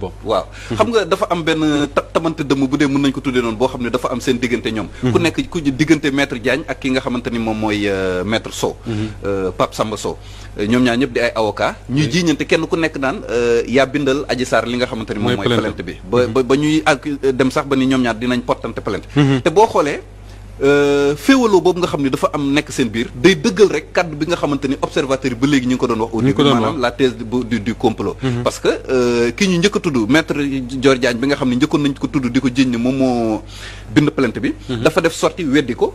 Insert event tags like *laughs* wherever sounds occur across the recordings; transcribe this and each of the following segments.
bopp waaw xam nga dafa am benn tamante dëmm bu dee mën nañ ko tuddee noonu boo xam ne dafa am seen diggante ñoom mhm. ku nekk ku diggante maître Diagne ak ki nga xamante ni moom mooy euh, maître Sow mhm. euh, Pape Samba Sow euh, ñoom ñaar ñëpp di ay awoka ñuy jiiñante kenn ku nekk naan yaa bindal Adji Sarr li nga xamante ni moom mooy plainte bi mhm. ba ba ñuy ak dem sax ba ni ñoom ñaar dinañ portante plainte te boo xoolee Euh, féewaloo boobu nga xam ne dafa am nekk seen biir day dëggal rek kaddu bi nga xamante ni observateur yi ba léegi ñu ngi ko doon wax au début maanaam la thèse du du complot mhm. parce que euh, kii ñu njëkk a tudd maître Dior Diagne bi nga xam ne njëkkoon nañ ko tudd di ko jiiñ ne moom moo bind plainte bi mhm. dafa def sortie weddi ko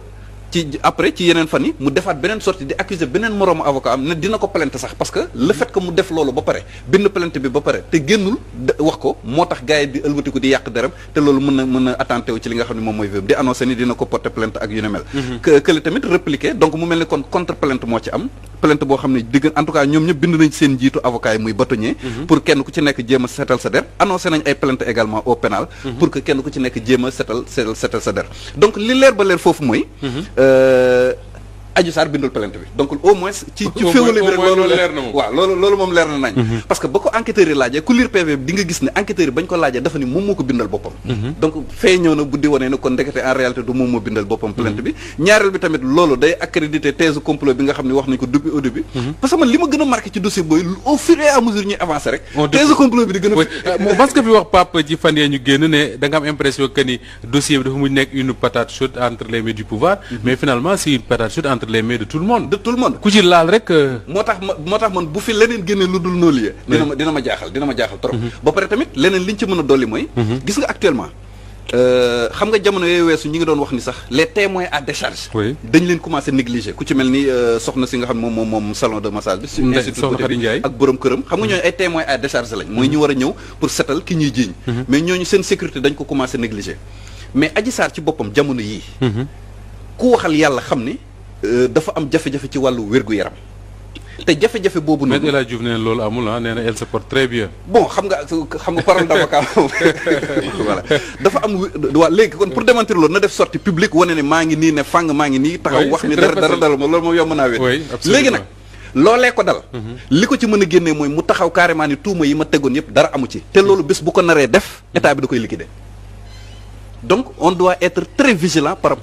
ci après ci yeneen fan yi mu defaat beneen sortie di accuser beneen moroomu avocat am ne dina ko plainte sax parce que le fait que mu def loolu ba pare bind plainte bi ba pare te génnul wax ko moo tax gars di ëlbatiku di yàq deram te loolu mën na mën na attenté ci li nga xam ne moom mooy di annoncé ni dina ko porter plainte ak yu ne mel. Mhm. que tamit répliqué donc mu mel ni kon contre plainte moo ci am. plainte boo xam ne digg en tout cas ñoom ñëpp bind nañ seen njiitu avocat yi muy bâtonnier mhm. pour kenn ku ci nekk jéem setal sa der annoncé nañ ay plainte également au pénal mhm. pour que kenn ku ci nekk jéem setal setal sa der donc li leer ba leer foofu mooy mhm. euh, Adji Sarr bindul plainte bi donc au moins ci ci féewale bi rek loolu loolu moom leer na nañ mhm. parce que ba ko enquêteurs yi ku lire PV bi di gis ne enquêteurs bañ ko laajee dafa ni moom moo ko bindal boppam mhm. donc fee ñëw na buddi wanee ne kon ndekete en réalité du moom moo bindal boppam plainte bi mhm. ñaareel bi tamit loolu day accrédité thèse complot bi nga xam ne wax nañ ko depuis au début parce que man li ma gën a marqué ci dossier booy au fur entre les mains de tout le monde. de tout le monde ku ci laal rek. Euh, moo tax man bu fi leneen génne lu dul noonu dina ma dina ma jaaxal dina ma jaaxal trop. Mhm. ba pare tamit leneen li ñu ci mën a dolli mooy. Mhm. gis nga actuellement. Euh, xam nga jamono yooyu weesu ñi ngi doon wax ni sax les témoins à décharge. dañ leen commencé négliger ku ci mel ni euh, soxna si nga xam moom moom salon de massage bi. institut ak borom këram. xam nga ñooñu mhm. ay témoins à décharge lañ. mooy Euh, dafa am jafe-jafe ci wàllu wér-gu-yaram te jafe-jafe boobu noonu. El Hadj Diouf nee loolu amul ah nee na elle se porte très bien. bon xam nga xam nga parole d'avocat *laughs* *laughs* voilà dafa am waa léegi kon pour démentir loolu na def sortie publique wane ne maa ngi nii ne fang maa ngi nii. taxaw wax ni dara dara dara loolu moom yomb naa wér. léegi nag. loolee ko dal. Mhm. li ko ci mën a génnee mooy mu taxaw carrément ni tuuma yi ma tegoon yëpp dara amu ci. te loolu bés bu ko naree def. Mhm. état bi da koy liquider. donc on doit être très vigilant par